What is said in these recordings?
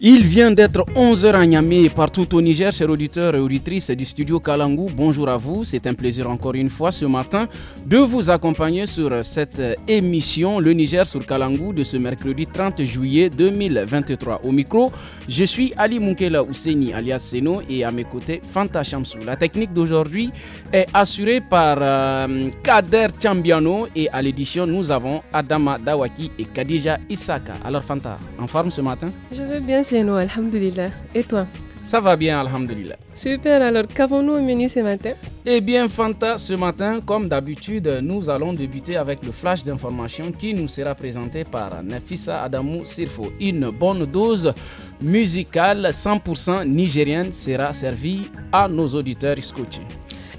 Il vient d'être 11h à Niamey, partout au Niger, chers auditeurs et auditrices du studio Kalangou. Bonjour à vous, c'est un plaisir encore une fois ce matin de vous accompagner sur cette émission Le Niger sur Kalangou de ce mercredi 30 juillet 2023. Au micro, je suis Ali Moukela Ouseni alias Seno et à mes côtés Fanta Chamsou. La technique d'aujourd'hui est assurée par euh, Kader Chambiano et à l'édition nous avons Adama Dawaki et Kadija Isaka. Alors Fanta, en forme ce matin Je vais bien nous, Alhamdulillah. Et toi Ça va bien, Alhamdulillah. Super, alors qu'avons-nous au menu ce matin Eh bien, Fanta, ce matin, comme d'habitude, nous allons débuter avec le flash d'information qui nous sera présenté par Nafisa Adamou Sirfo. Une bonne dose musicale 100% nigérienne sera servie à nos auditeurs scotchés.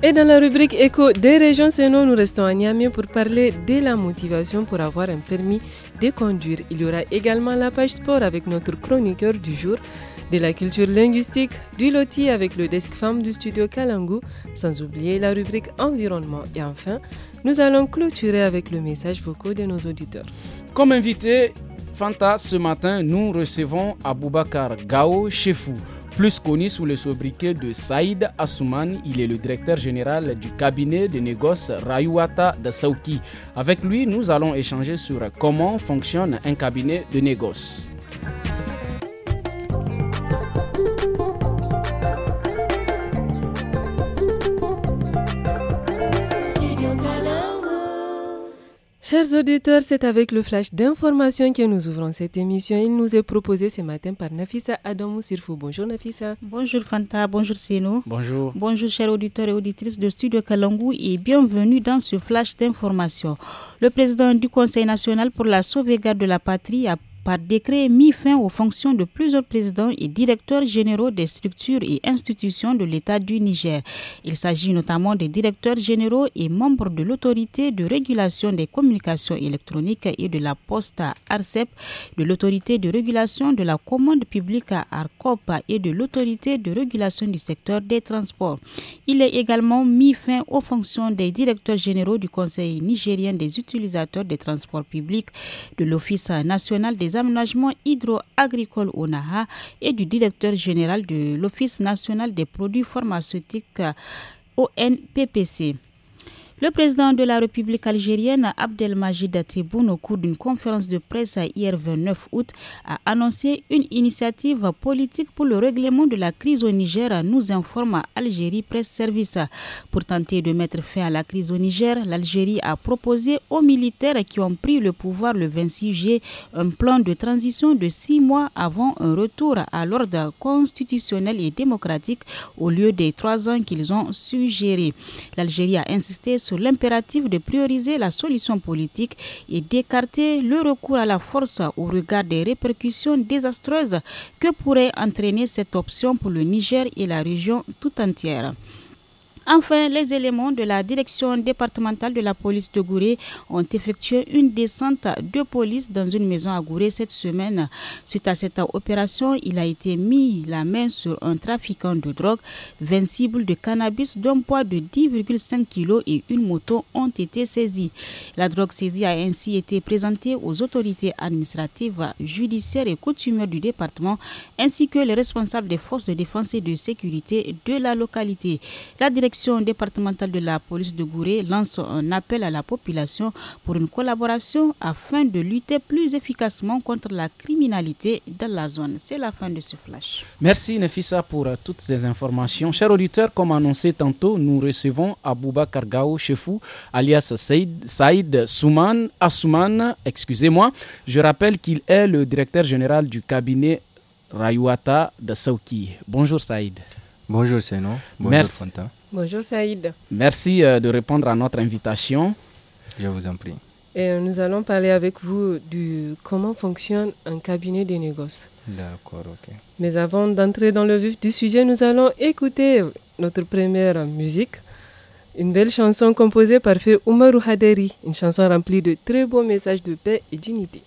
Et dans la rubrique écho des régions, sinon nous restons à Niamey pour parler de la motivation pour avoir un permis il y aura également la page sport avec notre chroniqueur du jour, de la culture linguistique, du loti avec le desk femme du studio Kalangu, sans oublier la rubrique environnement. Et enfin, nous allons clôturer avec le message vocaux de nos auditeurs. Comme invité, Fanta, ce matin, nous recevons Aboubacar Gao Chefou. Plus connu sous le sobriquet de Saïd Assoumani, il est le directeur général du cabinet de négoces Rayouata de Avec lui, nous allons échanger sur comment fonctionne un cabinet de négoces. Chers auditeurs, c'est avec le flash d'information que nous ouvrons cette émission. Il nous est proposé ce matin par Nafisa Adamou Sirfou. Bonjour Nafisa. Bonjour Fanta, bonjour Sino. Bonjour. Bonjour chers auditeurs et auditrices de Studio Kalangou et bienvenue dans ce flash d'information. Le président du Conseil national pour la sauvegarde de la patrie a par décret mis fin aux fonctions de plusieurs présidents et directeurs généraux des structures et institutions de l'État du Niger. Il s'agit notamment des directeurs généraux et membres de l'autorité de régulation des communications électroniques et de la poste à ARCEP, de l'autorité de régulation de la commande publique à ARCOP et de l'autorité de régulation du secteur des transports. Il est également mis fin aux fonctions des directeurs généraux du Conseil nigérien des utilisateurs des transports publics, de l'Office national des aménagements hydro-agricoles Naha et du directeur général de l'Office national des produits pharmaceutiques ONPPC. Le président de la République algérienne, Abdelmajid Tebboune, au cours d'une conférence de presse hier 29 août, a annoncé une initiative politique pour le règlement de la crise au Niger, nous informe Algérie Presse Service. Pour tenter de mettre fin à la crise au Niger, l'Algérie a proposé aux militaires qui ont pris le pouvoir le 26 juillet un plan de transition de six mois avant un retour à l'ordre constitutionnel et démocratique au lieu des trois ans qu'ils ont suggéré. L'Algérie a insisté sur sur l'impératif de prioriser la solution politique et d'écarter le recours à la force au regard des répercussions désastreuses que pourrait entraîner cette option pour le Niger et la région tout entière. Enfin, les éléments de la direction départementale de la police de Gouré ont effectué une descente de police dans une maison à Gouré cette semaine. Suite à cette opération, il a été mis la main sur un trafiquant de drogue, 20 cibles de cannabis d'un poids de 10,5 kg et une moto ont été saisies. La drogue saisie a ainsi été présentée aux autorités administratives, judiciaires et coutumières du département, ainsi que les responsables des forces de défense et de sécurité de la localité. La direction départementale de la police de Gouré lance un appel à la population pour une collaboration afin de lutter plus efficacement contre la criminalité dans la zone. C'est la fin de ce flash. Merci Nefissa pour euh, toutes ces informations. Chers auditeurs, comme annoncé tantôt, nous recevons Abouba Kargao, Chefou, alias Saïd, Saïd Souman, Assouman, excusez-moi. Je rappelle qu'il est le directeur général du cabinet Rayouata de Saouki. Bonjour Saïd. Bonjour Seno. Merci. Bonjour Saïd. Merci euh, de répondre à notre invitation. Je vous en prie. Et euh, nous allons parler avec vous du comment fonctionne un cabinet de négoces. D'accord, ok. Mais avant d'entrer dans le vif du sujet, nous allons écouter notre première musique. Une belle chanson composée par Feu Oumarou Haderi, une chanson remplie de très beaux messages de paix et d'unité.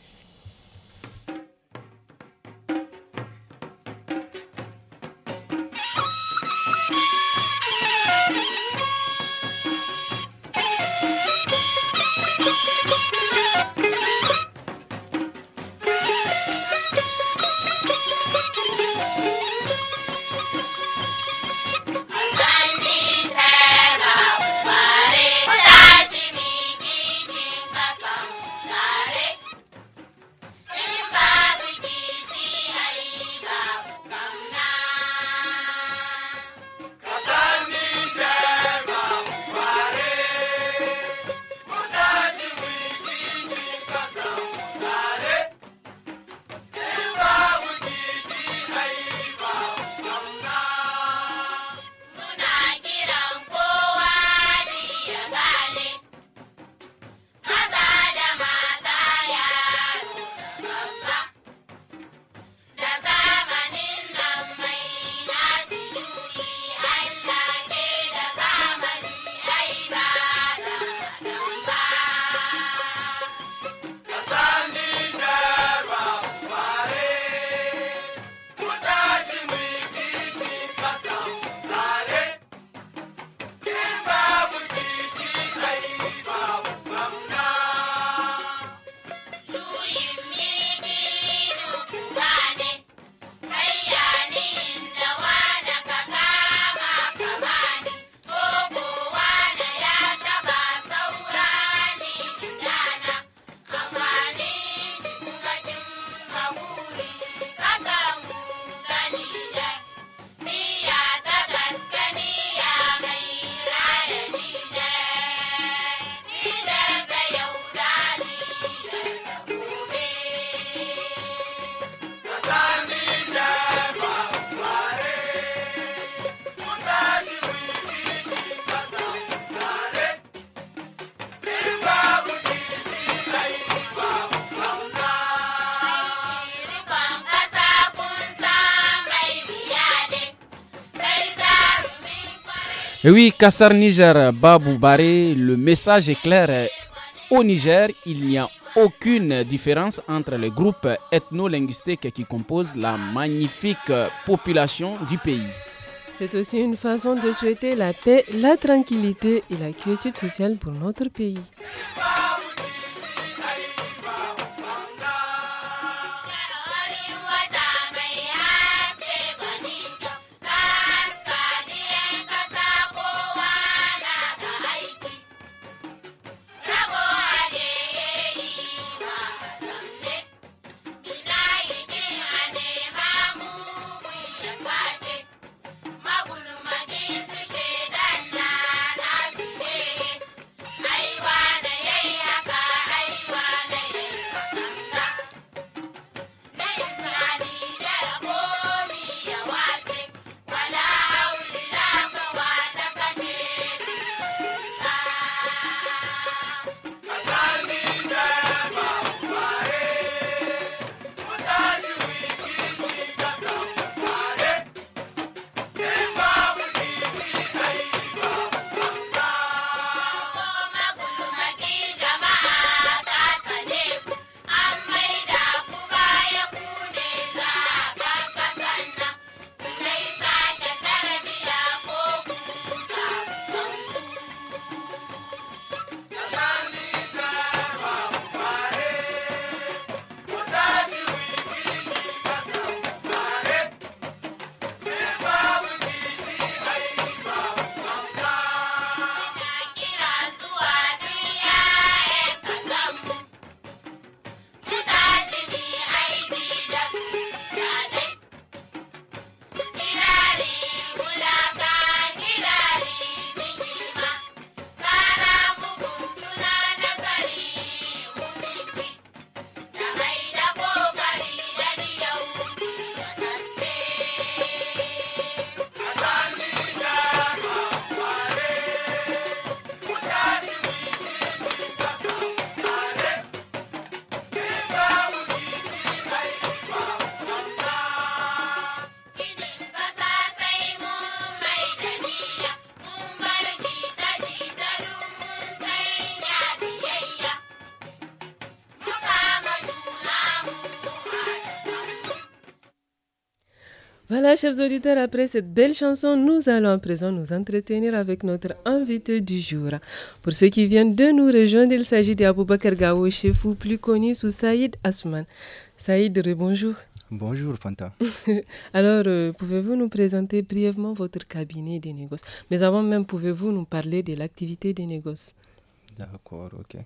oui, Kassar Niger, Babou Baré, le message est clair. Au Niger, il n'y a aucune différence entre les groupes ethno-linguistiques qui composent la magnifique population du pays. C'est aussi une façon de souhaiter la paix, la tranquillité et la quiétude sociale pour notre pays. chers auditeurs, après cette belle chanson, nous allons à présent nous entretenir avec notre invité du jour. Pour ceux qui viennent de nous rejoindre, il s'agit d'Aboubakar Gawo, chef ou plus connu sous Saïd Asman. Saïd, bonjour. Bonjour Fanta. Alors, euh, pouvez-vous nous présenter brièvement votre cabinet des négoces Mais avant même, pouvez-vous nous parler de l'activité des négoces D'accord, ok.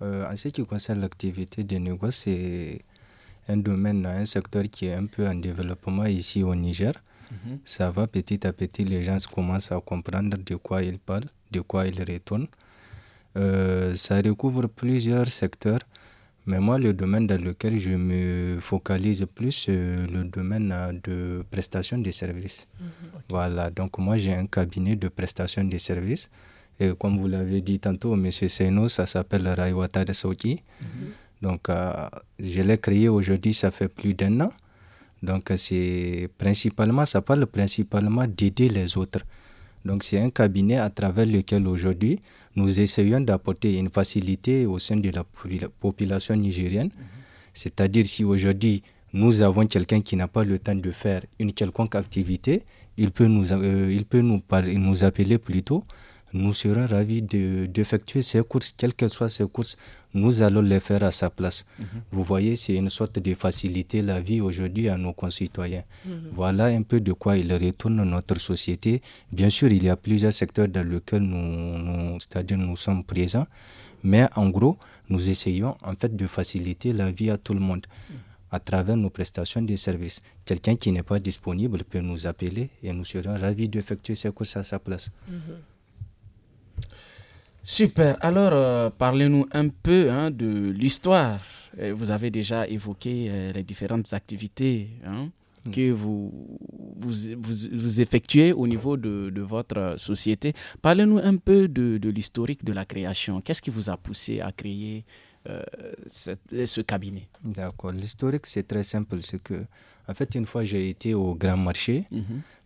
Euh, en ce qui concerne l'activité des négoces, c'est un domaine, un secteur qui est un peu en développement ici au Niger. Mhm. Ça va petit à petit, les gens commencent à comprendre de quoi ils parlent, de quoi ils retournent. Euh, ça recouvre plusieurs secteurs, mais moi, le domaine dans lequel je me focalise plus, c'est le domaine euh, de prestation de services. Mhm. Voilà, donc moi, j'ai un cabinet de prestation de services. Et comme vous l'avez dit tantôt, M. Seno, ça s'appelle Raiwata de Soki. Mhm. Donc, euh, je l'ai créé aujourd'hui, ça fait plus d'un an. Donc, c'est principalement, ça parle principalement d'aider les autres. Donc, c'est un cabinet à travers lequel aujourd'hui, nous essayons d'apporter une facilité au sein de la population nigérienne. Mhm. C'est-à-dire, si aujourd'hui, nous avons quelqu'un qui n'a pas le temps de faire une quelconque activité, il peut nous, euh, il peut nous, nous appeler plutôt. Nous serons ravis d'effectuer ces ses courses, quelles que soient ses courses nous allons le faire à sa place. Mhm. Vous voyez, c'est une sorte de faciliter la vie aujourd'hui à nos concitoyens. Mhm. Voilà un peu de quoi il retourne notre société. Bien sûr, il y a plusieurs secteurs dans lesquels nous, nous sommes présents, mais en gros, nous essayons en fait de faciliter la vie à tout le monde. Mhm. à travers nos prestations de services. Quelqu'un qui n'est pas disponible peut nous appeler et nous serons ravis d'effectuer ses courses à sa place. Super. Alors, euh, parlez-nous un peu hein, de l'histoire. Euh, vous avez déjà évoqué euh, les différentes activités hein, mm. que vous, vous, effectuez au niveau de, votre société. Parlez-nous un peu de, l'historique de la création. Qu'est-ce qui vous a poussé à créer ce cabinet D'accord. L'historique, c'est très simple. C'est que en fait, une fois, j'ai été au Grand Marché. Mhm.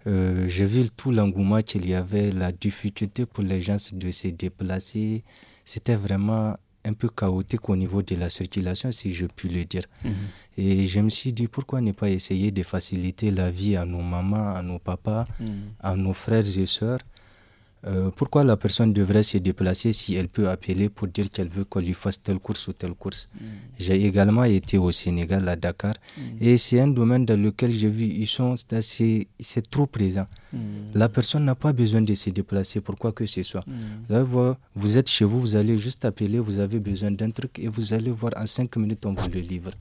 Euh, j'ai vu tout l'engouement qu'il y avait, la difficulté pour les gens de se déplacer. C'était vraiment un peu chaotique au niveau de la circulation, si je puis le dire. Mhm. Et je me suis dit, pourquoi ne pas essayer de faciliter la vie à nos mamans, à nos papas, mhm. à nos frères et sœurs euh, pourquoi la personne devrait se déplacer si elle peut appeler pour dire qu'elle veut qu'on lui fasse telle course ou telle course mm. J'ai également été au Sénégal, à Dakar, mm. et c'est un domaine dans lequel j'ai vu, ils sont assez, c'est trop présent. Mm. La personne n'a pas besoin de se déplacer pour quoi que ce soit. vous, vous, êtes chez vous, vous allez juste appeler, vous avez besoin d'un truc et vous allez voir en cinq minutes, on vous le livre.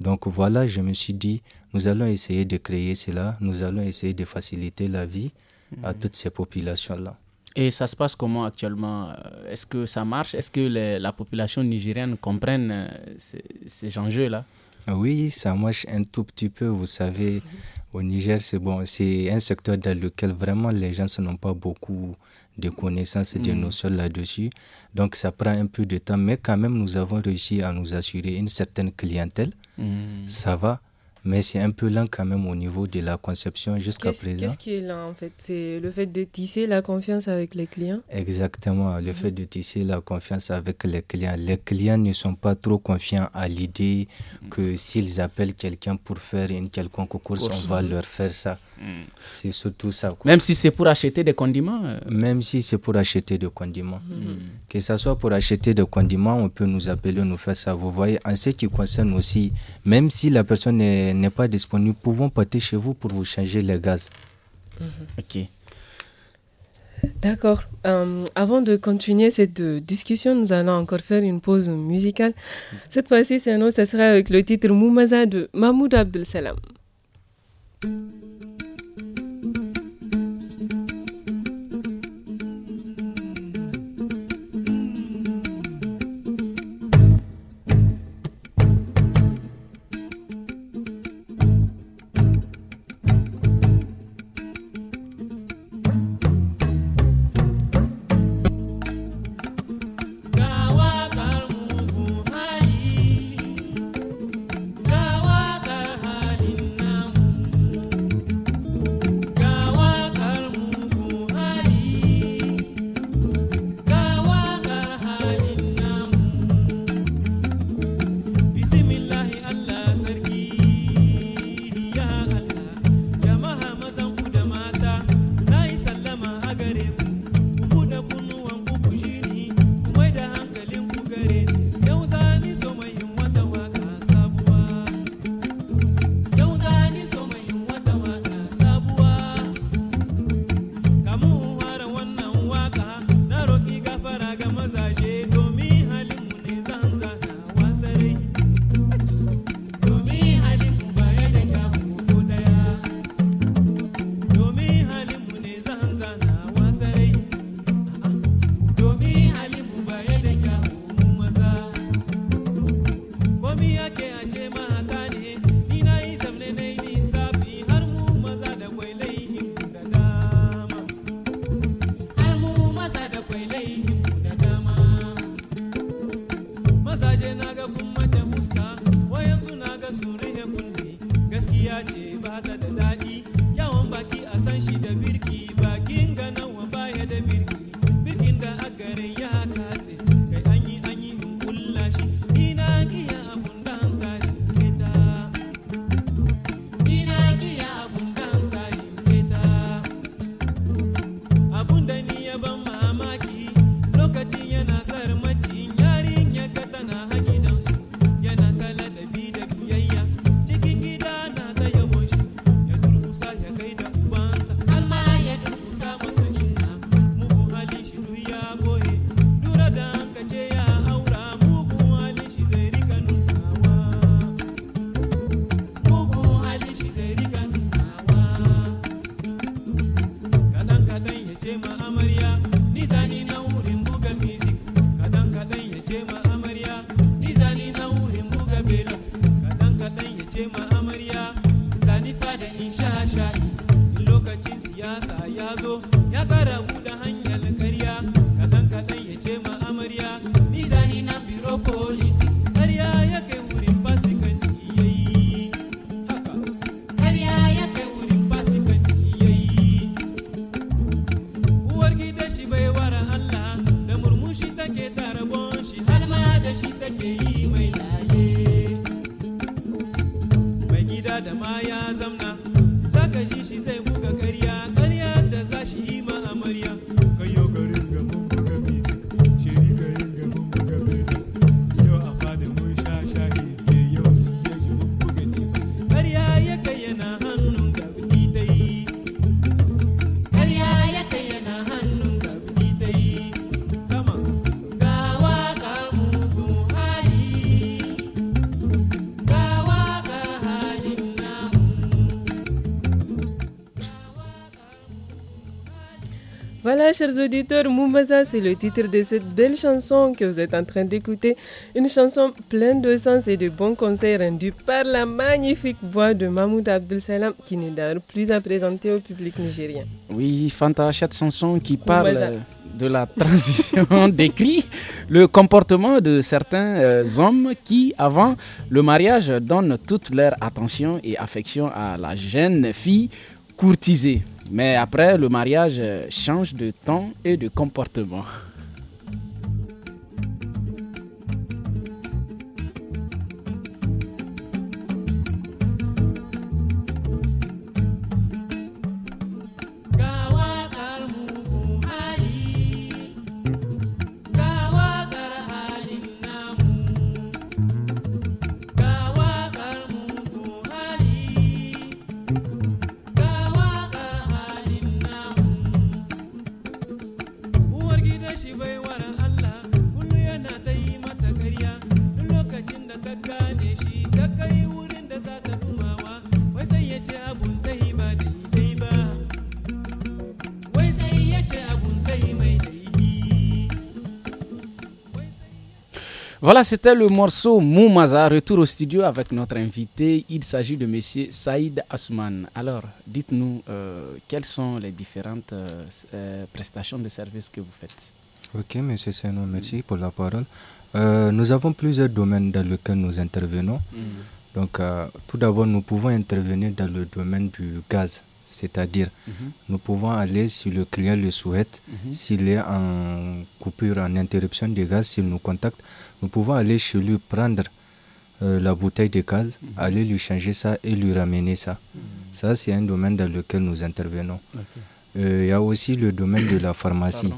Donc voilà, je me suis dit, nous allons essayer de créer cela, nous allons essayer de faciliter la vie à toutes ces populations-là. Et ça se passe comment actuellement euh, Est-ce que ça marche Est-ce que la population nigérienne comprenne euh, ces, enjeux-là Oui, ça marche un tout petit peu. Vous savez, au Niger, c'est bon, c'est un secteur dans lequel vraiment les gens n'ont pas beaucoup de connaissances et de hmm. notions là-dessus. Donc ça prend un peu de temps, mais quand même, nous avons réussi à nous assurer une certaine clientèle. Hmm. Ça va mais c'est un peu lent quand même au niveau de la conception jusqu'à présent. Qu'est-ce qui est lent en fait C'est le fait de tisser la confiance avec les clients Exactement, le mhm. fait de tisser la confiance avec les clients. Les clients ne sont pas trop confiants à l'idée mhm. que s'ils appellent quelqu'un pour faire une quelconque course. on va leur faire ça. Mm. C'est surtout ça. Même si c'est pour acheter des condiments euh. Même si c'est pour acheter des condiments. Mm. Mm. Que ce soit pour acheter des condiments, on peut nous appeler, nous faire ça. Vous voyez, en ce qui concerne aussi, même si la personne n'est pas disponible, pouvons partir chez vous pour vous changer les gaz. Mm-hmm. Ok. D'accord. Euh, avant de continuer cette discussion, nous allons encore faire une pause musicale. Mm-hmm. Cette fois-ci, c'est un autre, ce sera avec le titre Moumaza de Mahmoud Abdel Salam. chers auditeurs, Moumbaza, c'est le titre de cette belle chanson que vous êtes en train d'écouter. Une chanson pleine de sens et de bons conseils rendus par la magnifique voix de Mahmoud Abdel Salam, qui n'est d'ailleurs plus à présenter au public nigérien. Oui, Fanta, cette chanson qui parle euh, de la transition décrit le comportement de certains euh, hommes qui, avant le mariage, donnent toute leur attention et affection à la jeune fille courtisée. Mais après, le mariage change de temps et de comportement. Voilà, c'était le morceau Moumaza. Retour au studio avec notre invité. Il s'agit de monsieur Saïd Asman. Alors, dites-nous, euh, quelles sont les différentes euh, euh, prestations de services que vous faites Ok, monsieur Seno, merci pour la parole. nous avons plusieurs domaines dans lesquels nous intervenons. Mm. Donc, tout d'abord, nous pouvons intervenir dans le domaine du gaz. C'est-à-dire, mhm. nous pouvons aller si le client le souhaite, mhm. s'il est en coupure, en interruption de gaz, s'il nous contacte, nous pouvons aller chez lui prendre euh, la bouteille de gaz, mhm. aller lui changer ça et lui ramener ça. Ça, c'est un domaine dans lequel nous intervenons. Euh, il y a aussi le domaine de la pharmacie.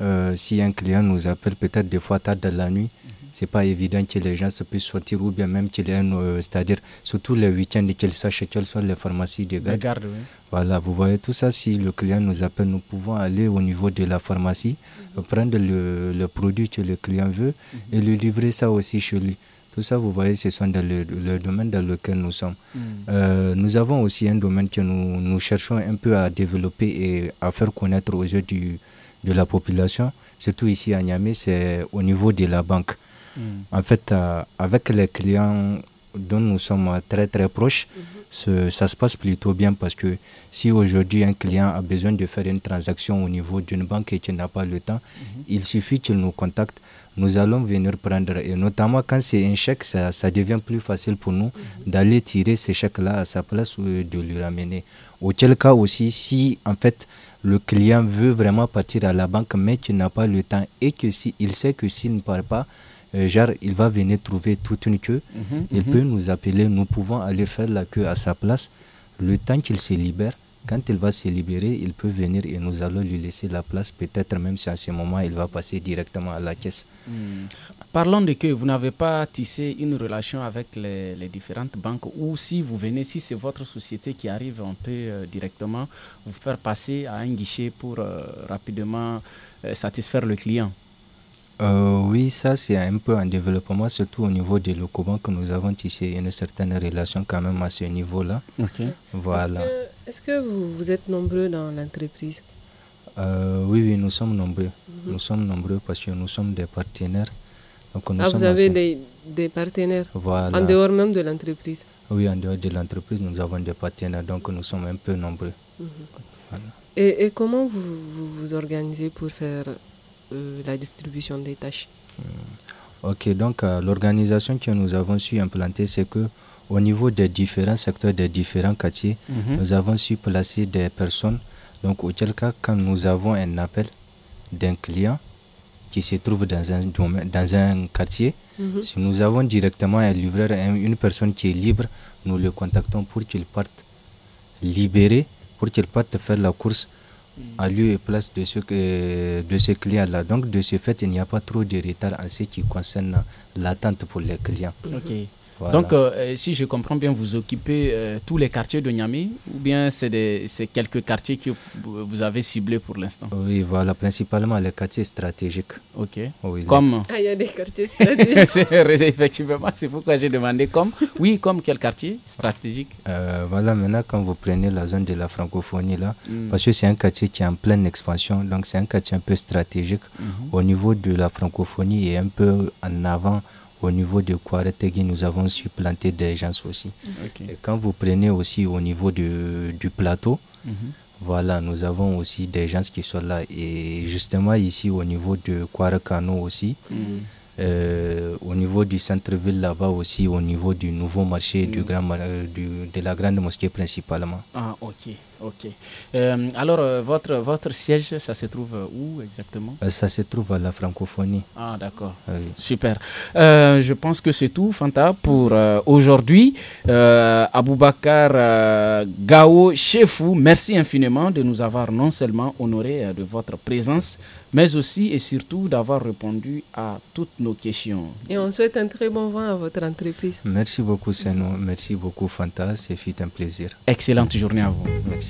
Euh, si un client nous appelle peut-être des fois tard dans la nuit, c'est pas évident que les gens se puissent sortir ou bien même qu'il y ait euh, c'est-à-dire surtout les huitièmes, ends qu'ils sachent quelles sont les pharmacies de garde. Voilà, vous voyez tout ça. Si le client nous appelle, nous pouvons aller au niveau de la pharmacie, mhm. prendre le, le, produit que le client veut mhm. et lui livrer ça aussi chez lui. Tout ça, vous voyez, ce sont dans le, le domaine dans lequel nous sommes. Mhm. Euh, nous avons aussi un domaine que nous, nous, cherchons un peu à développer et à faire connaître aux yeux du, de la population, surtout ici à Niamey, c'est au niveau de la banque. Mm. En fait, euh, avec les clients dont nous sommes très très proches, mhm. ça se passe plutôt bien parce que si aujourd'hui un client a besoin de faire une transaction au niveau d'une banque et qu'il n'a pas le temps, mhm. il suffit qu'il nous contacte, nous allons venir prendre. Et notamment quand c'est un chèque, ça, devient plus facile pour nous mhm. d'aller tirer ces chèques-là à sa place ou de lui ramener. Au tel cas aussi, si en fait le client veut vraiment partir à la banque mais qu'il n'a pas le temps et que si, il sait que s'il ne part pas, genre, euh, il va venir trouver toute une queue. Mhm, il mhm. peut nous appeler, nous pouvons aller faire la queue à sa place. Le temps qu'il se libère, quand il va se libérer, il peut venir et nous allons lui laisser la place. Peut-être même si à ce moment, il va passer directement à la caisse. Hmm. Parlons de queue, vous n'avez pas tissé une relation avec les, différentes banques ou si vous venez, si c'est votre société qui arrive, on peut euh, directement vous faire passer à un guichet pour euh, rapidement satisfaire le client. Euh, oui, ça c'est un peu un développement, surtout au niveau des locaux que nous avons tissé une certaine relation quand même à ce niveau-là. Voilà. Est-ce que, vous, êtes nombreux dans l'entreprise euh, oui, oui, nous sommes nombreux. Mhm. Nous sommes nombreux parce que nous sommes des partenaires. Donc, nous ah, vous avez des, partenaires en dehors même de l'entreprise Oui, en dehors de l'entreprise, nous avons des partenaires, donc nous sommes un peu nombreux. Mhm. et, comment vous vous organisez pour faire euh, la distribution des tâches. Hmm. Ok, donc euh, l'organisation que nous avons su implanter, c'est que au niveau des différents secteurs, des différents quartiers, mhm. nous avons su placer des personnes. Donc, auquel cas, quand nous avons un appel d'un client qui se trouve dans un, dans un quartier, mhm. si nous avons directement un livreur, une personne qui est libre, nous le contactons pour qu'il parte libéré, pour qu'il parte faire la course à lieu et place de ce, de ce client-là. Donc, de ce fait, il n'y a pas trop de retard en ce qui concerne l'attente pour les clients. Donc, euh, euh, si je comprends bien, vous occupez euh, tous les quartiers de Niamey ou bien c'est quelques quartiers que vous avez ciblés pour l'instant Oui, voilà, principalement les quartiers stratégiques. Ok. Oui, comme ah, il y a des quartiers stratégiques. Effectivement, c'est pourquoi j'ai demandé comme. Oui, comme quel quartier stratégique Voilà, maintenant, quand vous prenez la zone de la francophonie, là, hmm. parce que c'est un quartier qui est en pleine expansion, donc c'est un quartier un peu stratégique mhm. au niveau de la francophonie et un peu en avant au niveau de Kouaretegui, nous avons supplanté des gens aussi. Et quand vous prenez aussi au niveau de, du plateau, mhm. voilà, nous avons aussi des gens qui sont là. Et justement, ici, au niveau de Kouarekano aussi, mhm. euh, au niveau du centre-ville là-bas aussi, au niveau du nouveau marché, du mhm. grand, euh, de la grande mosquée principalement. Ah, ok. Ok. Euh, alors, euh, votre, votre siège, ça se trouve euh, où exactement Ça se trouve à la francophonie. Ah, d'accord. Ah Super. je pense que c'est tout, Fanta, pour aujourd'hui. Aboubacar Gao vous merci infiniment de nous avoir non seulement honoré de votre présence, mais aussi et surtout d'avoir répondu à toutes nos questions. Et on souhaite un très bon vent à votre entreprise. Merci beaucoup, Senou. Merci beaucoup, Fanta. C'est fut un plaisir. Excellente journée à vous. Merci.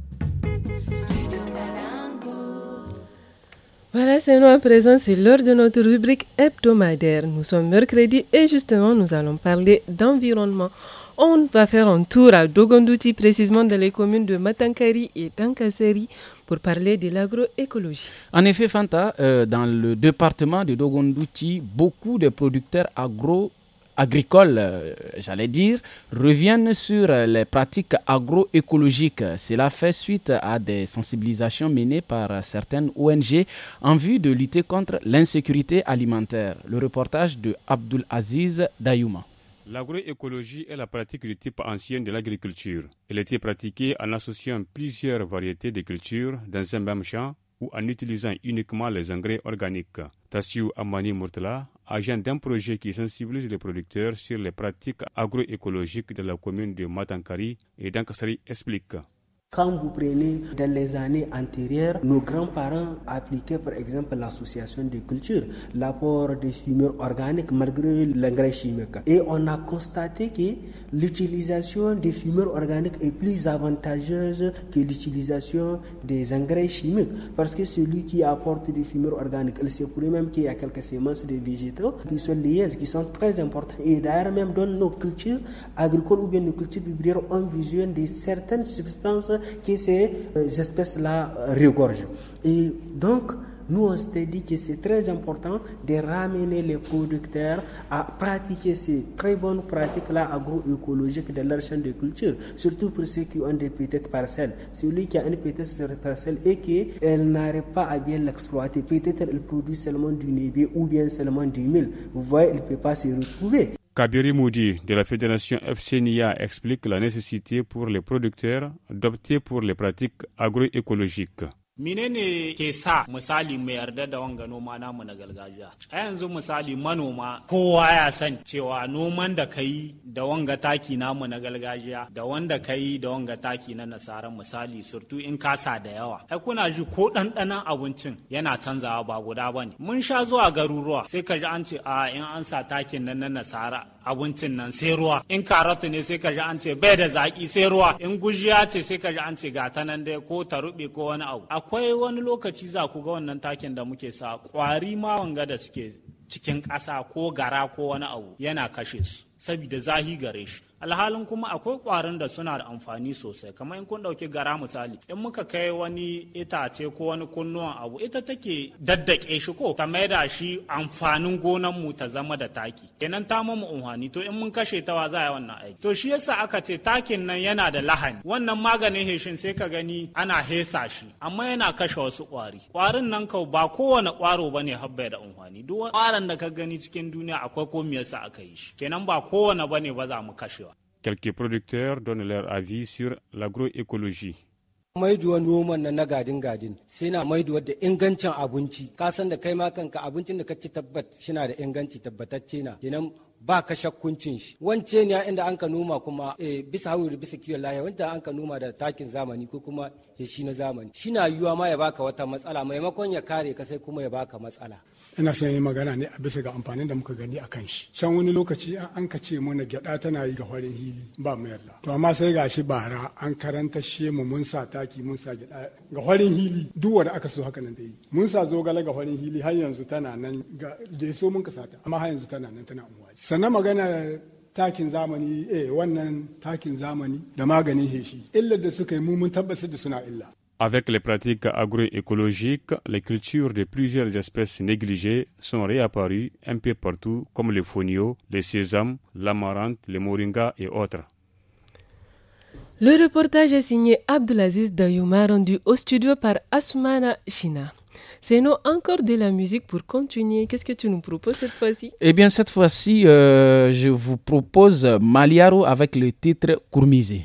Voilà, c'est nous à présent, c'est l'heure de notre rubrique hebdomadaire. Nous sommes mercredi et justement, nous allons parler d'environnement. On va faire un tour à Dogondouti, précisément dans les communes de Matankari et Tankasseri, pour parler de l'agroécologie. En effet, Fanta, euh, dans le département de Dogondouti, beaucoup de producteurs agro agricoles, euh, j'allais dire, reviennent sur euh, les pratiques agroécologiques. Cela fait suite à des sensibilisations menées par certaines ONG en vue de lutter contre l'insécurité alimentaire. Le reportage de Abdul Aziz Dayouma. L'agroécologie est la pratique du type ancien de l'agriculture. Elle était pratiquée en associant plusieurs variétés de cultures dans un même champ ou en utilisant uniquement les engrais organiques. Tassiou Amani Murtala, agent d'un projet qui sensibilise les producteurs sur les pratiques agroécologiques de la commune de Matankari et d'Ankasari explique. Quand vous prenez dans les années antérieures, nos grands-parents appliquaient par exemple l'association des cultures, l'apport des fumeurs organiques malgré l'engrais chimique. Et on a constaté que l'utilisation des fumeurs organiques est plus avantageuse que l'utilisation des engrais chimiques parce que celui qui apporte des fumeurs organiques, il se pourrait même qu'il y a quelques semences de végétaux qui sont liées, qui sont très importantes. Et d'ailleurs même dans nos cultures agricoles ou bien nos cultures vivrières, on visionne de certaines substances que ces euh, espèces-là euh, regorgent. Et donc, nous, on s'était dit que c'est très important de ramener les producteurs à pratiquer ces très bonnes pratiques-là agroécologiques de leur chaîne de culture, surtout pour ceux qui ont des petites parcelles. Celui qui a une petite parcelle et qu'elle n'arrive pas à bien l'exploiter, peut-être elle produit seulement du nébé ou bien seulement du mille. Vous voyez, il ne peut pas se retrouver. Kabiri Moudi de la fédération FCNIA, explique la nécessité pour les producteurs d'opter pour les pratiques agroécologiques. menene ke sa misali mai yarda da wanga noma namu na gargajiya a yanzu misali manoma kowa ya san cewa noman da kai da wanga taki namu na gargajiya da wanda kai da wanga taki na nasara misali surtu in kasa da yawa ai kuna ji ko ɗanɗanon abincin yana canzawa ba guda bane mun sha zuwa garuruwa sai ka ji an ce a in an sa takin nan na nasara abincin nan sai ruwa in karatu ne sai ka ji an ce bai da zaƙi sai ruwa in gujiya ce sai ka ji an ce ga ta nan dai ko ta rube ko wani abu akwai wani lokaci za ku ga wannan takin da muke sa ƙwari ma wanga da suke cikin ƙasa ko gara ko wani abu yana kashe su saboda zahi gare shi alhalin kuma akwai kwarin da suna da amfani sosai kamar in kun ɗauki gara misali in muka kai wani itace ko wani kunnuwan abu ita take daddake shi ko ta maida shi amfanin gonan mu ta zama da taki kenan ta mu amfani to in mun kashe ta wa za a yi wannan aiki to shi yasa aka ce takin nan yana da lahani wannan maganin heshin sai ka gani ana hesa shi amma yana kashe wasu kwari kwarin nan kau ba kowane kwaro ba ne habbai da amfani duk da ka gani cikin duniya akwai ko me yasa aka yi shi kenan ba kowane ba ne ba za mu kashewa Quelques producteurs donnent leur avis sur l'agroécologie. maiduwa noman na na gadin gadin sai na maiduwa da ingancin abinci ka san da kai ma kanka abincin da kace tabbat na da inganci tabbatacce na ba ka shakkuncin shi wance ne inda an ka noma kuma e, bisa hauri bisa kiwon lahiya wanda an ka noma da takin zamani ko kuma ya shi na zamani shi na yiwuwa ma ya baka wata matsala maimakon ya kare ka sai kuma ya baka matsala ina son yi magana ne a bisa ga amfanin da muka gani a kan shi can wani lokaci an ka ce mana gyada tana yi ga farin hili ba mu yarda to amma sai ga shi bara an karanta shi mu mun sa taki mun sa gyada ga farin hili duk wanda aka so haka nan da yi mun sa zogale ga farin hili har yanzu tana nan ga so mun ka sata amma har yanzu tana nan tana unwaji Avec les pratiques agroécologiques, les cultures de plusieurs espèces négligées sont réapparues un peu partout, comme les fonio, les sésames, l'amarante, les moringa et autres. Le reportage est signé Abdelaziz Dayouma, rendu au studio par Asmana China. Sinon, encore de la musique pour continuer. Qu'est-ce que tu nous proposes cette fois-ci Eh bien, cette fois-ci, euh, je vous propose Maliaro avec le titre Courmisé.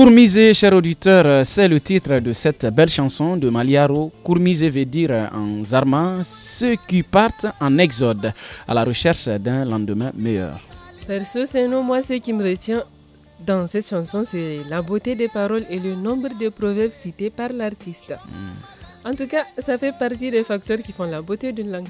Courmisé, cher auditeur, c'est le titre de cette belle chanson de Maliaro. Courmisé veut dire en zarma ceux qui partent en exode à la recherche d'un lendemain meilleur. Perso, c'est non, moi, ce qui me retient dans cette chanson, c'est la beauté des paroles et le nombre de proverbes cités par l'artiste. Hmm. En tout cas, ça fait partie des facteurs qui font la beauté d'une langue.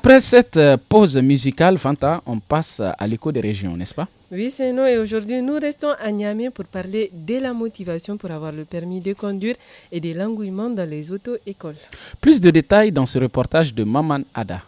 Après cette euh, pause musicale, Fanta, on passe à l'écho des régions, n'est-ce pas Oui, c'est nous. Et aujourd'hui, nous restons à Niamey pour parler de la motivation pour avoir le permis de conduire et de l'engouement dans les auto-écoles. Plus de détails dans ce reportage de Maman Ada.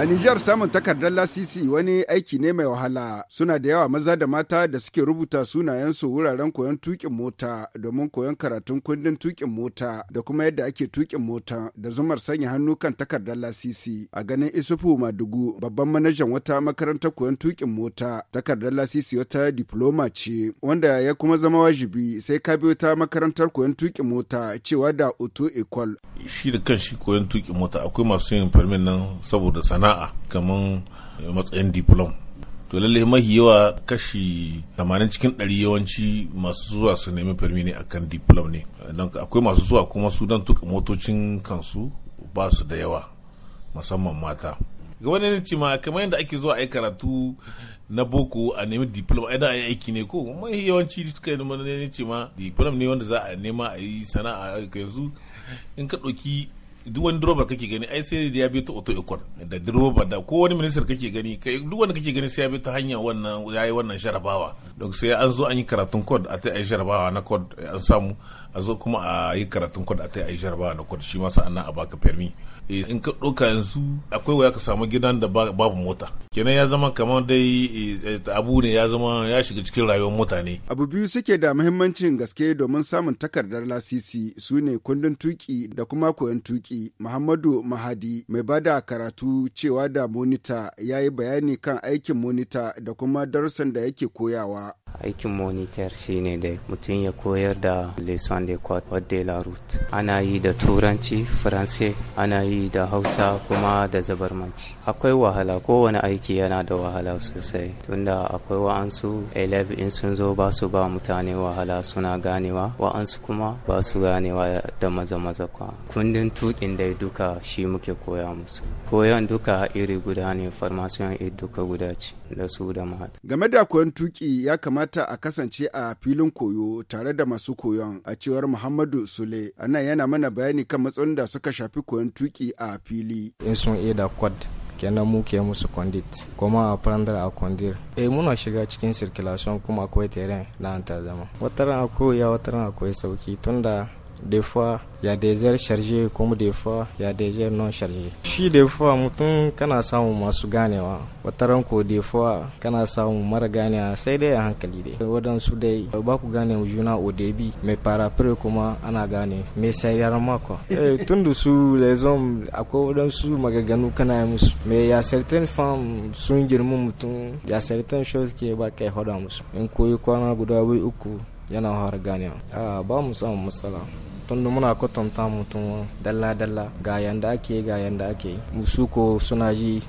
A Nijar samun takardar lasisi wani aiki ne mai wahala suna da yawa maza da mata da suke rubuta sunayensu wuraren koyon tukin mota domin koyon karatun kundin tukin mota da kuma yadda ake tukin mota da zumar sanya hannu kan takardar lasisi. A ganin Isufu Madugu babban manajan wata makarantar koyon tukin mota takardar lasisi wata diploma ce wanda ya kuma zama wajibi sai ka bi wata makarantar koyon tukin mota cewa da auto ecole. Shi da kanshi koyon tukin mota akwai masu yin nan saboda sana'a sana'a kamar matsayin diplom to lallai mahi yawa kashi 80 cikin 100 yawanci masu zuwa su nemi firmi ne akan diplom ne don akwai masu zuwa kuma su don tuka motocin kansu ba su da yawa musamman mata ga wani ce ma kamar yadda ake zuwa a yi karatu na boko a nemi diplom a yi aiki ne ko mahi yawanci suka yi ne ma diplom ne wanda za a nema a yi sana'a yanzu in ka ɗauki duk wani drobar kake gani ai sai ya bi ta auto ikon da drobar da ko wani minister kake gani kai duk wanda kake gani sai ya bi ta hanya wannan yayi wannan sharabawa don sai an zo an yi karatun code a tai ai sharabawa na code an samu a zo kuma a yi karatun code a tai ai sharabawa na code shi ma sa'annan a baka permi Eh, in ka ɗauka yanzu akwai waya ka samu gidan da babu mota kenan ya zama kamar dai eh, eh, abu ne ya zama ya shiga cikin rayuwar mutane abu biyu suke da muhimmancin gaske domin samun takardar lasisi su ne kundin tuki da kuma koyon tuki muhammadu mahadi mai bada karatu cewa da monita ya yi bayani kan aikin monita da kuma darussan da yake koyawa aikin monitor shine da mutum ya koyar da leson de quad de la route ana yi da turanci faranse ana yi da hausa kuma da zabarmanci akwai wahala kowane aiki yana da wahala sosai tunda akwai wa'ansu elev in sun zo ba su ba mutane wahala suna ganewa wa'ansu kuma ba su ganewa da maza maza kwa kundin tukin dai duka shi muke koya musu koyon duka iri guda ne farmasiyon duka guda ce da su da game da koyon tuki ya kamata kamata a kasance a filin koyo tare da masu koyon a cewar Muhammadu Sule. Ana yana mana bayani kan matsalolin da suka shafi koyon tuki a fili. In sun iya da kwad kenan mu ke musu kwandit kuma a farandar a condir eh muna shiga cikin circulation kuma akwai teren na zama wataran akwai ya wataran akwai sauki tunda Des fois, il y a des heures chargées comme des fois, il y a des heures non chargées. Shi des fois mutun kana samun masu ganewa, wataran ko des fois kana samun mara ganewa sai dai a hankali dai. Waɗansu dai ba ku gane juna au début, mais par après kuma ana gane, mais sérieusement quoi. Eh tun da su les hommes akwai waɗansu magaganu kana yi musu, mais ya certaines femmes sun girma mutum, ya certaines choses ke ba kai hoda musu. In koyi kwana guda wai uku yana har ganewa. Ah ba mu samun matsala. tunda muna kwatanta mutum dalla-dalla ga yanda ake ga yanda ake musu ko suna ji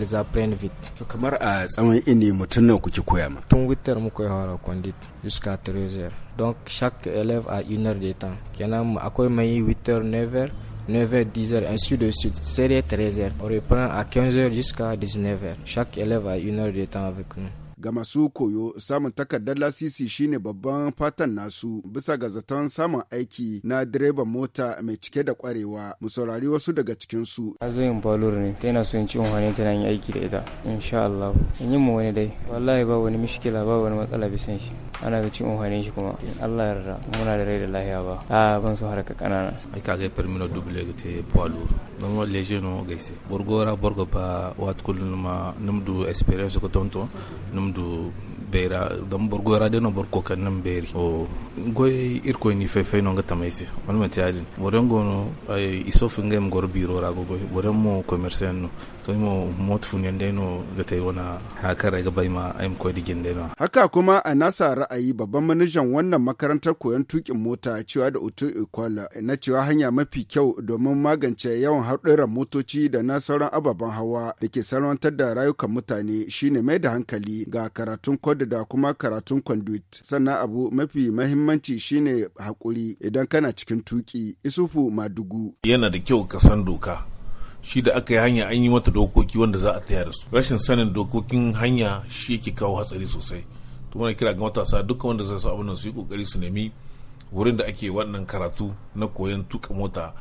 ils apprennent vite to kamar a tsawon ini mutum nawa kuke koya ma tun wittar mu koya hora kwandit jusqu'à 13h donc chaque élève a une heure de temps kenan akwai mai 8h 9h 9h, 10h, ainsi de suite. Série 13h. On reprend à 15h jusqu'à 19h. Chaque élève a une heure de temps avec nous. ga masu koyo samun takardar lasisi shine babban fatan nasu bisa ga zaton samun aiki na direban mota mai cike da kwarewa mu saurari wasu daga cikin su a zo yin balur ne ta so in ci wani tana yin aiki da ita insha Allah in yi mu wani dai wallahi ba wani mishkila ba wani matsala bisan shi ana da cin wani shi kuma Allah yarda muna da rai da lahiya ba a ban so harka kanana ai ka ga permino double ga te balur don wa leje no gaise borgora borgo ba wat ma numdu experience ko tonto numdu do beera dam bor goyrade no bor kokan nam beeri o goy irkoyni fefey nonga tamaysi walma tiyadin boren gono ay isofu ngem gor biro rago goy boren mo commerçant no to imo mot funen da ta yi wani hakar ga bai ma aim ko digin deno haka kuma a nasa ra'ayi babban manajan wannan makarantar koyon tukin mota cewa da auto equal na cewa hanya mafi kyau domin magance yawan haɗuran motoci da na sauran ababen hawa da ke salwantar da rayukan mutane shine mai da hankali ga karatun kod da kuma karatun conduit sannan abu mafi mahimmanci shine hakuri idan kana cikin tuki isufu madugu yana da kyau ka san doka shi da aka yi hanya an yi mata dokoki wanda za a taya da su rashin sanin dokokin hanya shi yake kawo hatsari sosai to muna kira ga matasa dukkan wanda zai su abin nan su yi kokari su nemi wurin da ake wannan karatu na koyon tuka mota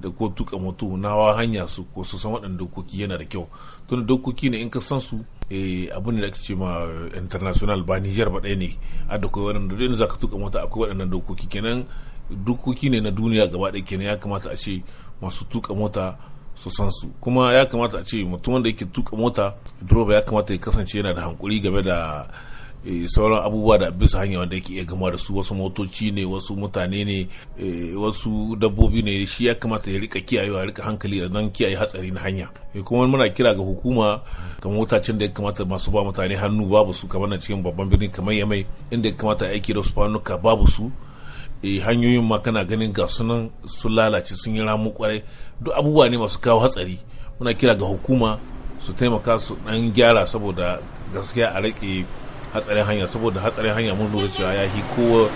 da ko tuka moto na wa hanya su ko su san waɗannan dokoki yana da kyau tun dokoki ne in ka san su eh abu da ake cewa international ba Niger ba ɗaya ne a da koyi waɗannan dole za ka tuka mota akwai waɗannan dokoki kenan dokoki ne na duniya gaba ɗaya kenan ya kamata a ce masu tuka mota su san su kuma ya kamata a ce mutum wanda yake tuka mota droba ya kamata ya kasance yana da hankuri game da eh, sauran abubuwa da bisa hanya wanda yake iya gama da su wasu motoci ne wasu mutane ne eh, wasu dabbobi ne shi ya kamata ya rika kiyayewa rika hankali da don kiyaye hatsari na hanya eh, kuma muna kira ga hukuma ga motocin da ya kamata masu ba mutane hannu babu su kamar na cikin babban birni kamar yamai inda ya kamata aiki da su fanuka babu su Eh, hanyoyin ma kana ganin ga sunan sun lalace sun yi ramu kwarai duk abubuwa ne masu kawo hatsari muna kira ga hukuma su taimaka su dan gyara saboda gaskiya a rike hatsarin hanya saboda hatsarin hanya mun lura cewa ya yi kowa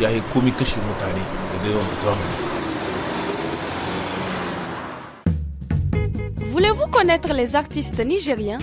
ya yi komi kashe mutane da da yawan zamani Voulez-vous connaître les artistes nigériens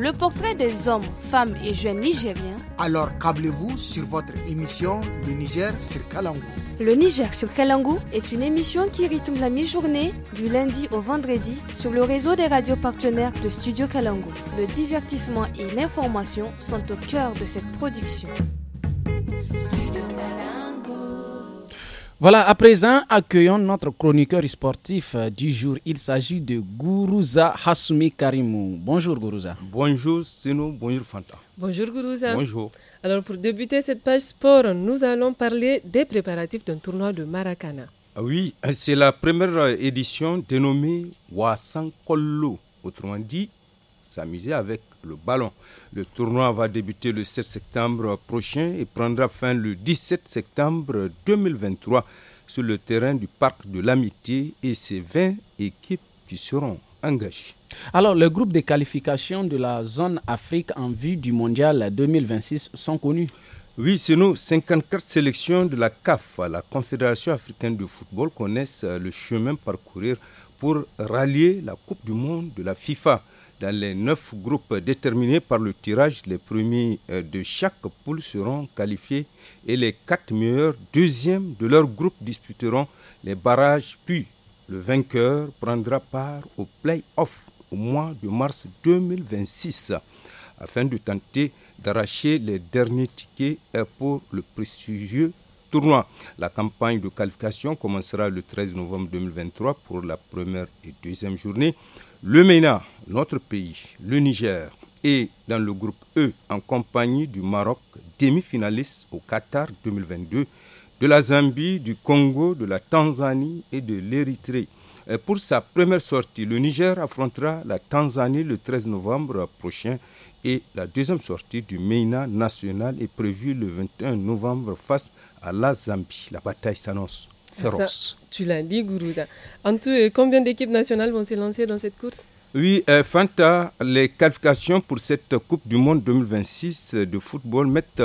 le portrait des hommes, femmes et jeunes nigériens. Alors câblez-vous sur votre émission Le Niger sur Kalangou. Le Niger sur Kalangou est une émission qui rythme la mi-journée du lundi au vendredi sur le réseau des radios partenaires de Studio Kalango. Le divertissement et l'information sont au cœur de cette production. Voilà, à présent, accueillons notre chroniqueur sportif euh, du jour. Il s'agit de Gourouza Hasumi Karimou. Bonjour Gourouza. Bonjour Sino, bonjour Fanta. Bonjour Gourouza. Bonjour. Alors pour débuter cette page sport, nous allons parler des préparatifs d'un tournoi de Maracana. Ah oui, c'est la première euh, édition dénommée Wassan Kollo, autrement dit s'amuser avec le ballon. Le tournoi va débuter le 7 septembre prochain et prendra fin le 17 septembre 2023 sur le terrain du Parc de l'Amitié et ses 20 équipes qui seront engagées. Alors, le groupe de qualification de la zone Afrique en vue du Mondial 2026 sont connus. Oui, c'est nous, 54 sélections de la CAF, la Confédération africaine de football, connaissent le chemin parcourir pour rallier la Coupe du Monde de la FIFA. Dans les neuf groupes déterminés par le tirage, les premiers euh, de chaque poule seront qualifiés et les quatre meilleurs deuxièmes de leur groupe disputeront les barrages. Puis, le vainqueur prendra part au play-off au mois de mars 2026 afin de tenter d'arracher les derniers tickets euh, pour le prestigieux tournoi. La campagne de qualification commencera le 13 novembre 2023 pour la première et deuxième journée. Le MENA, notre pays, le Niger, est dans le groupe E en compagnie du Maroc, demi-finaliste au Qatar 2022, de la Zambie, du Congo, de la Tanzanie et de l'Érythrée. Euh, pour sa première sortie, le Niger affrontera la Tanzanie le 13 novembre prochain et la deuxième sortie du MENA national est prévue le 21 novembre face à la Zambie. La bataille s'annonce féroce. tu l'as dit, Gourouza. En tout, euh, combien d'équipes nationales vont se lancer dans cette course oui, euh, Fanta, les qualifications pour cette Coupe du Monde 2026 euh, de football mettent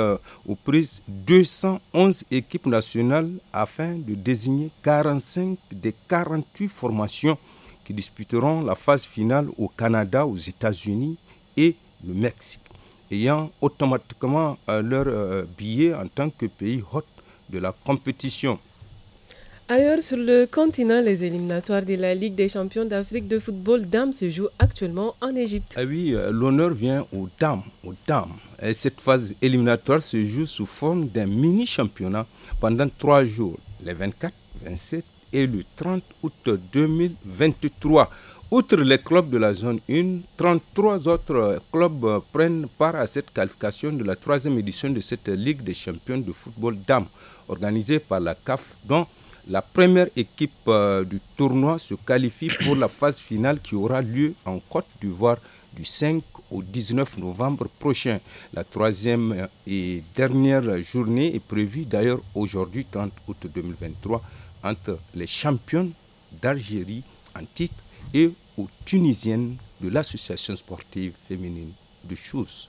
aux prises 211 équipes nationales afin de désigner 45 des 48 formations qui disputeront la phase finale au Canada, aux États-Unis et le Mexique, ayant automatiquement leur billet en tant que pays hôte de la compétition. Ailleurs sur le continent, les éliminatoires de la Ligue des champions d'Afrique de football dames se jouent actuellement en Égypte. Ah oui, euh, l'honneur vient aux dames, aux dames. cette phase éliminatoire se joue sous forme d'un mini-championnat pendant trois jours, les 24, 27 et le 30 août 2023. Outre les clubs de la zone 1, 33 autres clubs euh, prennent part à cette qualification de la troisième édition de cette Ligue des champions de football dames organisée par la CAF, dont la première équipe euh, du tournoi se qualifie pour la phase finale qui aura lieu en Côte d'Ivoire du 5 au 19 novembre prochain. La troisième euh, et dernière journée est prévue d'ailleurs aujourd'hui 30 août 2023 entre les champions d'Algérie en titre et aux Tunisiennes de l'association sportive féminine de Chouz.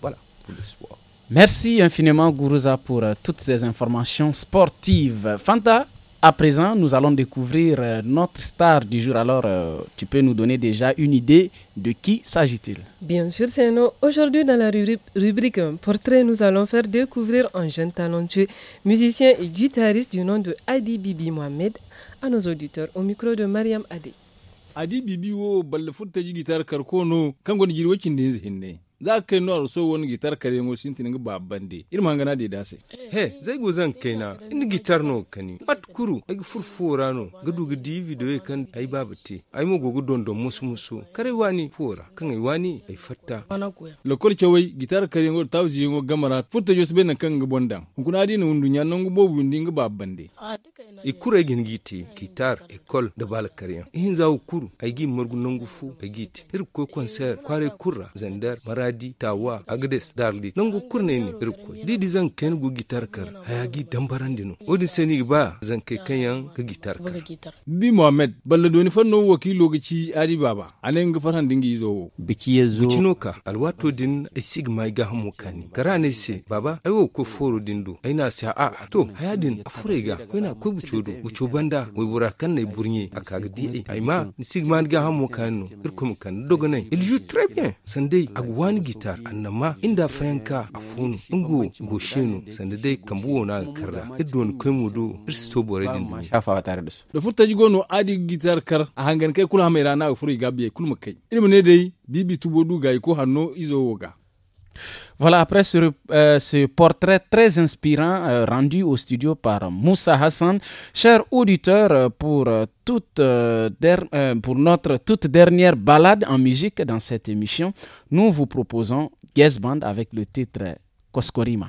Voilà pour le sport. Merci infiniment Gourouza pour euh, toutes ces informations sportives. Fanta, à présent, nous allons découvrir euh, notre star du jour. Alors, euh, tu peux nous donner déjà une idée de qui s'agit-il Bien sûr, c'est nous. Aujourd'hui, dans la rubrique Portrait, nous allons faire découvrir un jeune talentueux musicien et guitariste du nom de Adi Bibi Mohamed à nos auditeurs au micro de Mariam Adi. Adi Bibi, wo balle guitare karkono kan goni jirwacin za ka kai nuwar so wani gitar kare mo sinti nga ba bande irin irma ngana de dase he zai go zan kai na in gitar no kani bat kuru ai furfura no gudu gudi video e kan ai te ai mo gogo don don musu musu kare wani fura kan ai wani ai fatta lokol wai gitar kare ngo tawji ngo gamara futta jos ben kan ga bonda kuna dina wundu nyan ngo bobu ndi nga ba bande i kure gin giti gitar ekol da bal kare in za ku kuru ai gi murgu nangu fu ai giti ir ko konser kware kurra zandar mara maradi tawa agdes darli nangu kurne ni di didi zan ken gu gitar kar hayagi dambaran no odi seni ba zan ke kanyan ga gitar kar bi muhammad balla doni fanno wakilo gici adi baba anen ga farhan dingi zo biki yazo bicinoka alwato din isig e mai ga kani karane se baba ayo ko foro din do aina sa a to hayadin afurega kuna ko bucodo buco banda we bura kan ne burnye akaga di e ma isig man ga hamu kanu irko kan dogane il joue très bien sandei agwani An gitar annama inda fayanka afunu ingo goshenu sanda dai kambuwo na karra idon kai mudo irsto bore din ma shafa tare da su. Da furta ji gono adi gitar kar a hangan kai kula mai rana a furi gabi kai. Ilmi ne dai bibi tubo duga ko hanno izo woga. Voilà, après euh, ce, portrait très inspirant euh, rendu au studio par Moussa Hassan, cher auditeur, euh, pour, pour notre toute dernière balade en musique dans cette émission, nous vous proposons Guest Band avec le titre Koskorima.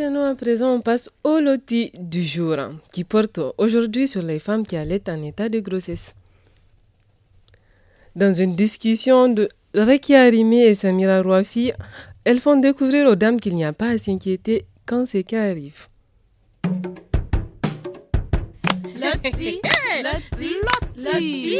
nous à présent, on passe au loti du jour, hein, qui porte aujourd'hui sur les femmes qui allaitent en état de grossesse. Dans une discussion de Rekia Arimi et Samira Rouafi, elles font découvrir aux dames qu'il n'y a pas à s'inquiéter quand ces cas arrivent. Loti, loti,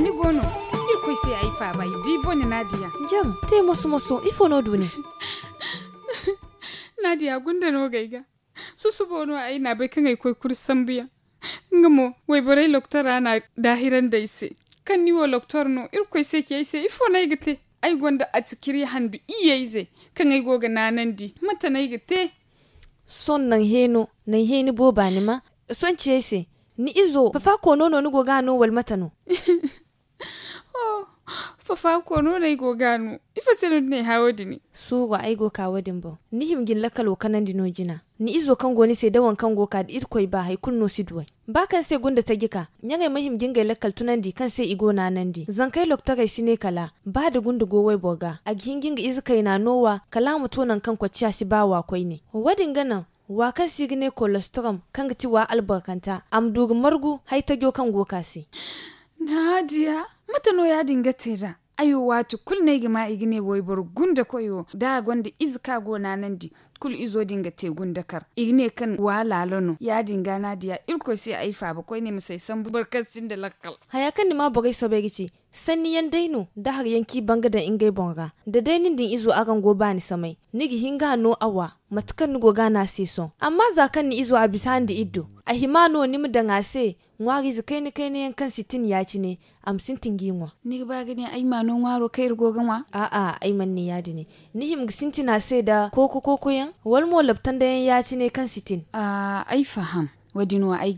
ni gono i ko se ai fa bai di boni nadia jam te musu-musu i no dune nadia gunda no gaiga su bono ai na bai kai ay kursan biya ngamo wai boray loktara na dahiran daise kan ni wo loktor no irko sai se ke se i fo na gite ai gonda a tikiri handu iyeize kan ai goga di mata na gite son nan heno nan heni ba ni ma son ce ni izo fafa ko nono ni goga no wal mata no oh fafa ko nuna igo gano ifa seno ne hawadi ni suwa aigo ka wadin bo ni him gin lakalo kanan dino jina ni izo kan goni sai dawan kan goka da irkoi ba hai kunno si duwai ba kan sai gunda ta gika nyangai mahim gin gai lakal tunan di kan sai igo na nan di zan kai lokta gai sine kala ba da gunda wai boga a gihin gin izu kai na nowa kala mutonan kan kwaciya si ba wa koi ne wadin ganan wa kan signe colostrum kan ga ci wa albarkanta am dugu margu hai ta kan goka si Nadia. matano ya dinga tera ayo watu kul ne gima igine boy bor gunda koyo da gonda izka gona di. kul izo dinga te gunda kar igine kan wa lalono ya dinga na diya irko sai ai ba koy ne musai san barkasin da lakkal haya kan ma bogai so begici sanni yan dainu da har yanki banga da ingai bonga da dainin din izo akan goba ni samai nigi hinga no awa matakan ni goga na se son amma za kan ni izo a bisan da iddo a himano ni mu da ngase ngwari zu kai ni kai ne yankan sitin ya ci ne amsin tinginwa ni ba gani ai ma no ngwaro kai irgo ganwa a a ai man ni yadi ne ni him gisinti na se da koko koko yan wal mo laptan da yan ya ci ne kan sitin a ai faham wadinu wa ai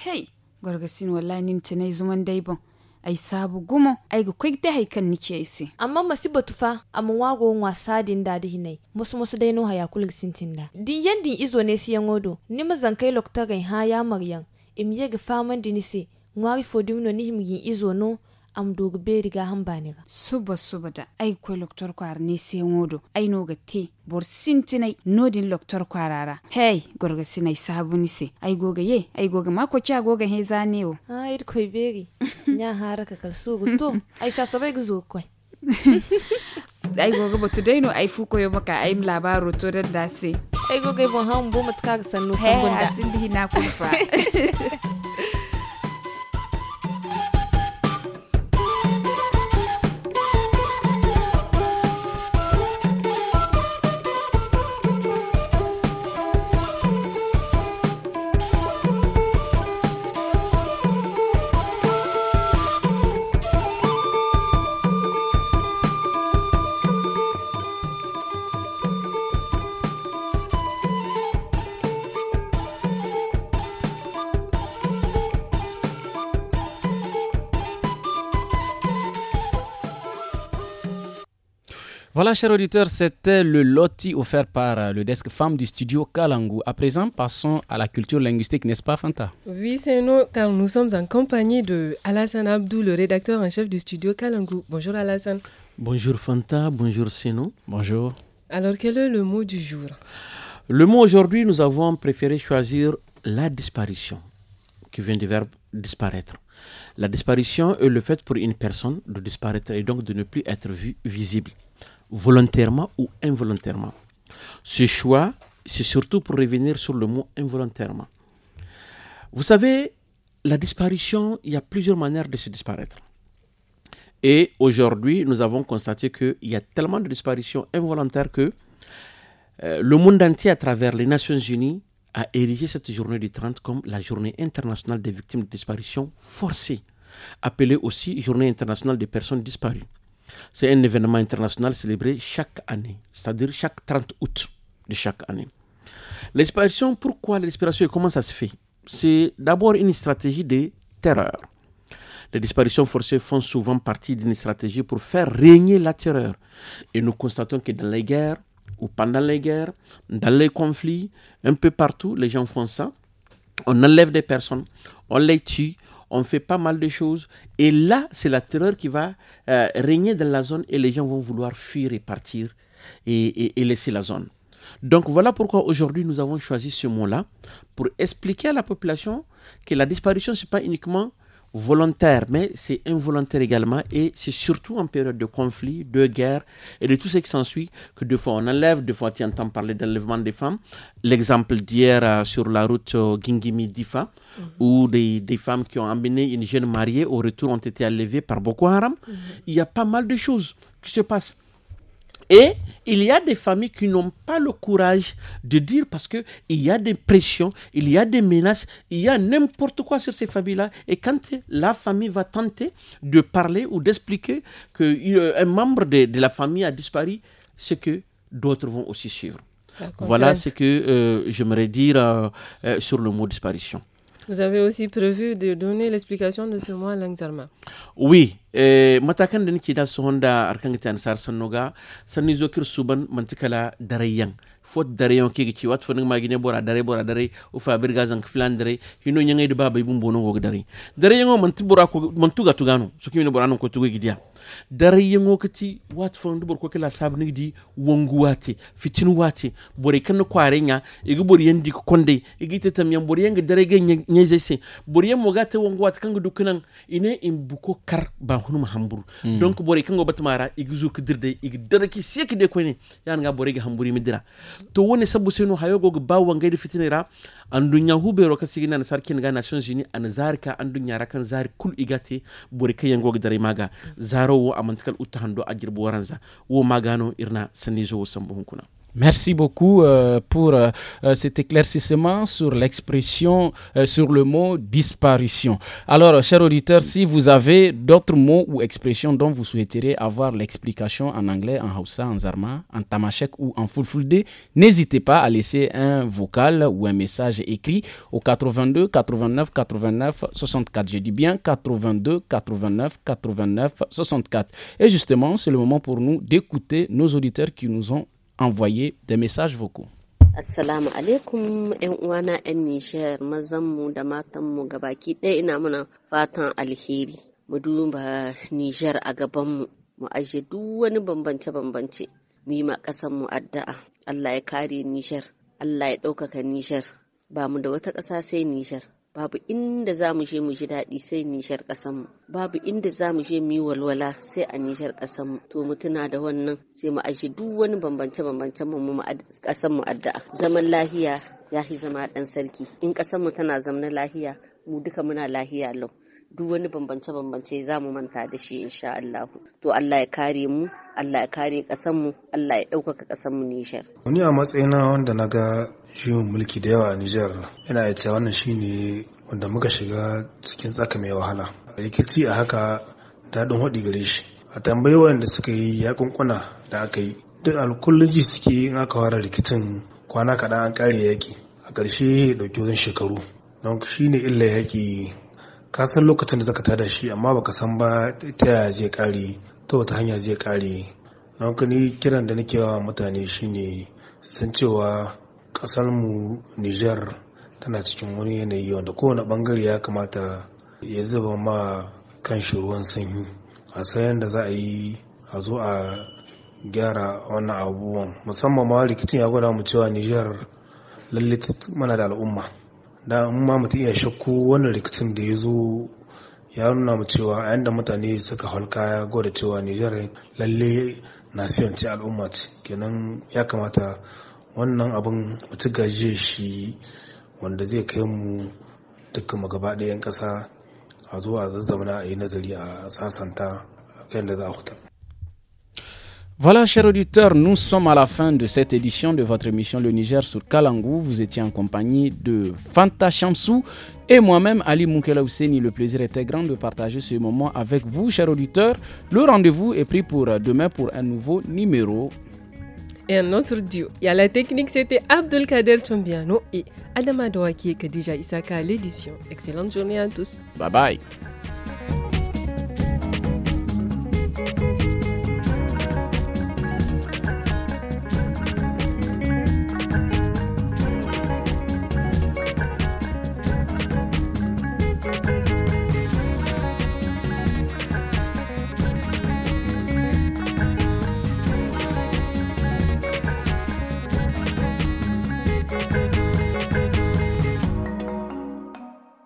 hey gorgasin wallahi nin tinai zuman daibon ai sabu gumo ai ga kwik da haikan nike isi amma masiba tufa amma wago wasa din da hinai musu musu dai no haya kulig sintin da din yandin izo ne siyan odo ni mazan kai lokta gai ha ya maryam im ye ga faman dinise ngwari no ni himgin izo no am dogu beriga han ba. suba suba da ai loktar kwar ne se wodo ai no ga te bor sintinai nodin loktar kwarara hey gorga sinai sabuni se ai goga ye ai goga ma ko cha goga he zane wo ai koi beri nya haraka kalsu gutu ai sha sabai gzu koi ai goga today no ai fu koyo maka ai labaro to da da se ai goga bon han bo matka san sambunda hey asin di na kurfa Voilà, chers auditeurs, c'était le loti offert par euh, le desk femme du studio Kalangu. À présent, passons à la culture linguistique, n'est-ce pas, Fanta Oui, c'est nous, car nous sommes en compagnie de Alasan Abdou, le rédacteur en chef du studio Kalangu. Bonjour, Alassane. Bonjour, Fanta. Bonjour, Sino. Bonjour. Alors, quel est le mot du jour Le mot aujourd'hui, nous avons préféré choisir la disparition, qui vient du verbe disparaître. La disparition est le fait pour une personne de disparaître et donc de ne plus être vue, visible volontairement ou involontairement. Ce choix, c'est surtout pour revenir sur le mot involontairement. Vous savez, la disparition, il y a plusieurs manières de se disparaître. Et aujourd'hui, nous avons constaté qu'il y a tellement de disparitions involontaires que euh, le monde entier, à travers les Nations Unies, a érigé cette journée du 30 comme la journée internationale des victimes de disparitions forcées, appelée aussi journée internationale des personnes disparues. C'est un événement international célébré chaque année, c'est-à-dire chaque 30 août de chaque année. L'expiration, pourquoi l'expiration et comment ça se fait C'est d'abord une stratégie de terreur. Les disparitions forcées font souvent partie d'une stratégie pour faire régner la terreur. Et nous constatons que dans les guerres, ou pendant les guerres, dans les conflits, un peu partout, les gens font ça. On enlève des personnes, on les tue, on fait pas mal de choses. Et là, c'est la terreur qui va euh, régner dans la zone et les gens vont vouloir fuir et partir et, et laisser la zone. Donc voilà pourquoi aujourd'hui nous avons choisi ce mot-là pour expliquer à la population que la disparition, ce n'est pas uniquement volontaire, mais c'est involontaire également, et c'est surtout en période de conflit, de guerre, et de tout ce qui s'ensuit, que des fois on enlève, de fois tu entends parler d'enlèvement des femmes. L'exemple d'hier euh, sur la route euh, Gingimi-Difa, mhm. où des, femmes qui ont emmené une jeune mariée au retour ont été enlevées par Boko Haram. Mhm. Il y a pas mal de choses qui se passent. Et il y a des familles qui n'ont pas le courage de dire parce qu'il y a des pressions, il y a des menaces, il y a n'importe quoi sur ces familles-là. Et quand la famille va tenter de parler ou d'expliquer qu'un euh, membre de, la famille a disparu, c'est que d'autres vont aussi suivre. Voilà ce que euh, j'aimerais dire euh, sur le mot disparition. Vous avez aussi prévu de donner l'explication de ce mois langzarma. Oui, eh, matakan da nake da su honda arkan gitan sar sannoga sanni zokir suban mantikala darayyan fot dare yon kegi ci wat foneng magine bora dare bora dare o fa bir zank flan dare hino nyanga de baba ibum bono go dare dare yango man ti bora ko man tuga tugano so kimi bora non ko tuga gidiya dare yango kati wat fon do bor ko kala sab ni di wongu wati fitin wati bore kan ko are nya e go bor yandi ko konde e igi tetam yan bor yanga dare ge nyeze se bor yan mo gata wongu wati kan dukunan ine in buko kar ba hunu ma hamburu hmm. donc bore kan go batmara igi zu kidirde igi dare ki seki de ko ni yan nga bore ge hamburi midira to wani sabu seno hayogo go bawa da fitinira dunya hube ka sigina na sarkin ga nations unis ana zarka an dunya rakan kan zari kul igate bori ka yangoge dara maga zaro a amantikal utta hando a jirbo waranza wo magano irna sanizo wo hunkuna Merci beaucoup euh, pour euh, euh, cet éclaircissement sur l'expression, sur le mot disparition. Alors, chers auditeurs, si vous avez d'autres mots ou expressions dont vous souhaiterez avoir l'explication en anglais, en Hausa, en Zarma, en Tamashek ou en Fulfulde, n'hésitez pas à laisser un vocal ou un message écrit au 82 89 89 64. Je dis bien 82 89 89 64. Et justement, c'est le moment pour nous d'écouter nos auditeurs qui nous ont envoyer des messages vocaux. Assalamu alaikum ‘yan uwana ‘yan Nijar mu da matan ga gabaki ɗaya ina muna fatan alheri. Mu duba Nijar a gabanmu, mu aje duk wani bambance-bambance, mu yi ma mu addu'a. Allah ya kare Nijar, Allah ya ɗaukaka Nijar, ba mu da wata ƙasa sai Nijar. babu inda za mu je mu ji daɗi sai nishar ƙasanmu babu inda za mu je mu yi walwala sai a nishar ƙasanmu to mu tuna da wannan sai mu aji duk wani bambance bambancen mu ƙasanmu addu'a zaman lahiya ya fi zama ɗan sarki in ƙasanmu tana zamna lahiya mu duka muna lahiya lau duk wani bambance bambance za mu manta da shi insha Allah to Allah ya kare mu Allah ya kare ƙasarmu Allah ya ɗaukaka ƙasarmu Nijar. Wani a matsayina wanda na ga shiwon mulki da yawa a Nijar yana iya wannan shine wanda muka shiga cikin tsaka mai wahala. Rikici a haka daɗin haɗi gare shi. A tambayi wanda suka yi ya kunkuna da aka yi. Duk alkullun suke in aka fara rikicin kwana kaɗan an ƙare yaƙi. A ƙarshe ya ɗauki wajen shekaru. Don shi ne illa yaƙi ka san lokacin da zaka tada shi amma baka san ba ta yaya zai kare ta wata hanya zai kare na ni kiran da nake wa mutane shine san cewa mu niger tana cikin wani yanayi wanda kowane bangare ya kamata ya zuba ma kan shi ruwan sanyi a sayan da za a yi a zo a gyara wannan abubuwan musamman ma rikicin ya gwada mu cewa niger lallita mana da al'umma da ma mutum iya shakku wannan rikicin da ya zo ya nuna mu cewa a yanda mutane suka halka kaya gwada cewa Nijar lalle nasiyon ce al'umma ce kenan ya kamata wannan abin mutu gaje shi wanda zai kai mu duka magaba ɗayan ƙasa a zuwa zazzamana a yi nazari a sasanta yadda za a huta. Voilà, chers auditeurs, nous sommes à la fin de cette édition de votre émission Le Niger sur Kalangou. Vous étiez en compagnie de Fanta Chamsou et moi-même, Ali Moukela Le plaisir était grand de partager ce moment avec vous, chers auditeurs. Le rendez-vous est pris pour demain pour un nouveau numéro. Et un autre duo. Il y a la technique, c'était Abdelkader Tombiano et Adama Douaki, qui déjà Isaka à l'édition. Excellente journée à tous. Bye bye.